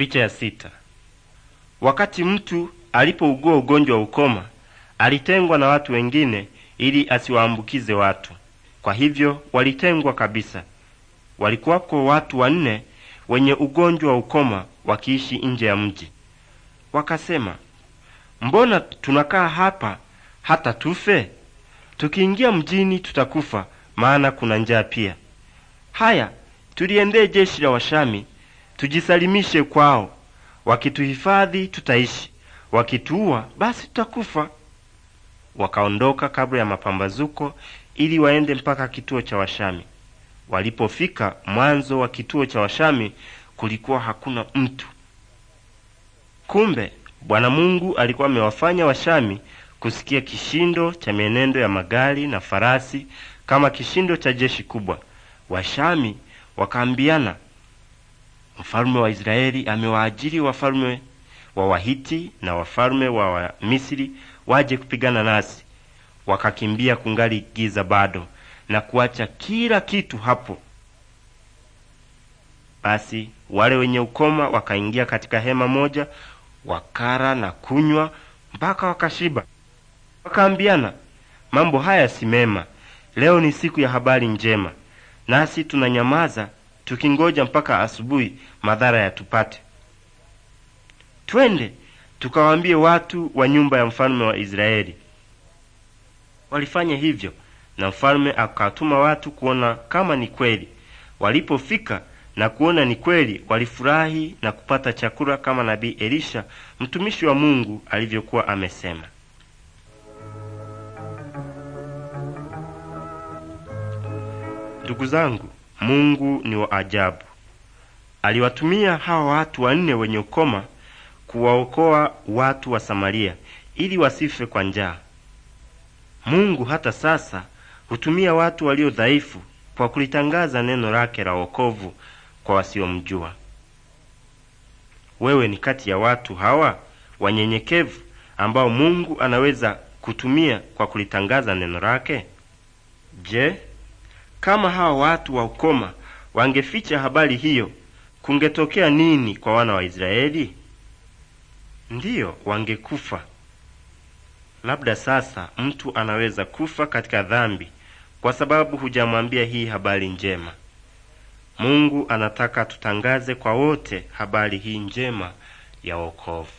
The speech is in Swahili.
Picha ya sita. Wakati mtu alipougua ugonjwa wa ukoma, alitengwa na watu wengine ili asiwaambukize watu. Kwa hivyo walitengwa kabisa. Walikuwako watu wanne wenye ugonjwa wa ukoma wakiishi nje ya mji. Wakasema, mbona tunakaa hapa hata tufe? Tukiingia mjini tutakufa, maana kuna njaa pia. Haya, tuliendee jeshi la Washami tujisalimishe kwao. Wakituhifadhi tutaishi, wakituua basi tutakufa. Wakaondoka kabla ya mapambazuko ili waende mpaka kituo cha Washami. Walipofika mwanzo wa kituo cha Washami kulikuwa hakuna mtu. Kumbe Bwana Mungu alikuwa amewafanya Washami kusikia kishindo cha mienendo ya magari na farasi kama kishindo cha jeshi kubwa. Washami wakaambiana, mfalme wa Israeli amewaajiri wafalme wa Wahiti na wafalme wa wamisiri waje kupigana nasi, wakakimbia kungali giza bado, na kuacha kila kitu hapo. Basi wale wenye ukoma wakaingia katika hema moja, wakara na kunywa mpaka wakashiba. Wakaambiana, mambo haya si mema, leo ni siku ya habari njema, nasi tunanyamaza tukingoja mpaka asubuhi, madhara yatupate. Twende tukawaambie watu wa nyumba ya mfalme wa Israeli. Walifanya hivyo, na mfalme akatuma watu kuona kama ni kweli. Walipofika na kuona ni kweli, walifurahi na kupata chakula kama nabii Elisha mtumishi wa Mungu alivyokuwa amesema. Ndugu zangu, Mungu ni wa ajabu. Aliwatumia hawa watu wanne wenye ukoma kuwaokoa watu wa Samaria ili wasife kwa njaa. Mungu hata sasa hutumia watu walio dhaifu kwa kulitangaza neno lake la wokovu kwa wasiomjua. Wewe ni kati ya watu hawa wanyenyekevu ambao Mungu anaweza kutumia kwa kulitangaza neno lake? Je, kama hawa watu wa ukoma wangeficha habari hiyo, kungetokea nini kwa wana wa Israeli? Ndiyo, wangekufa. Labda sasa mtu anaweza kufa katika dhambi kwa sababu hujamwambia hii habari njema. Mungu anataka tutangaze kwa wote habari hii njema ya wokovu.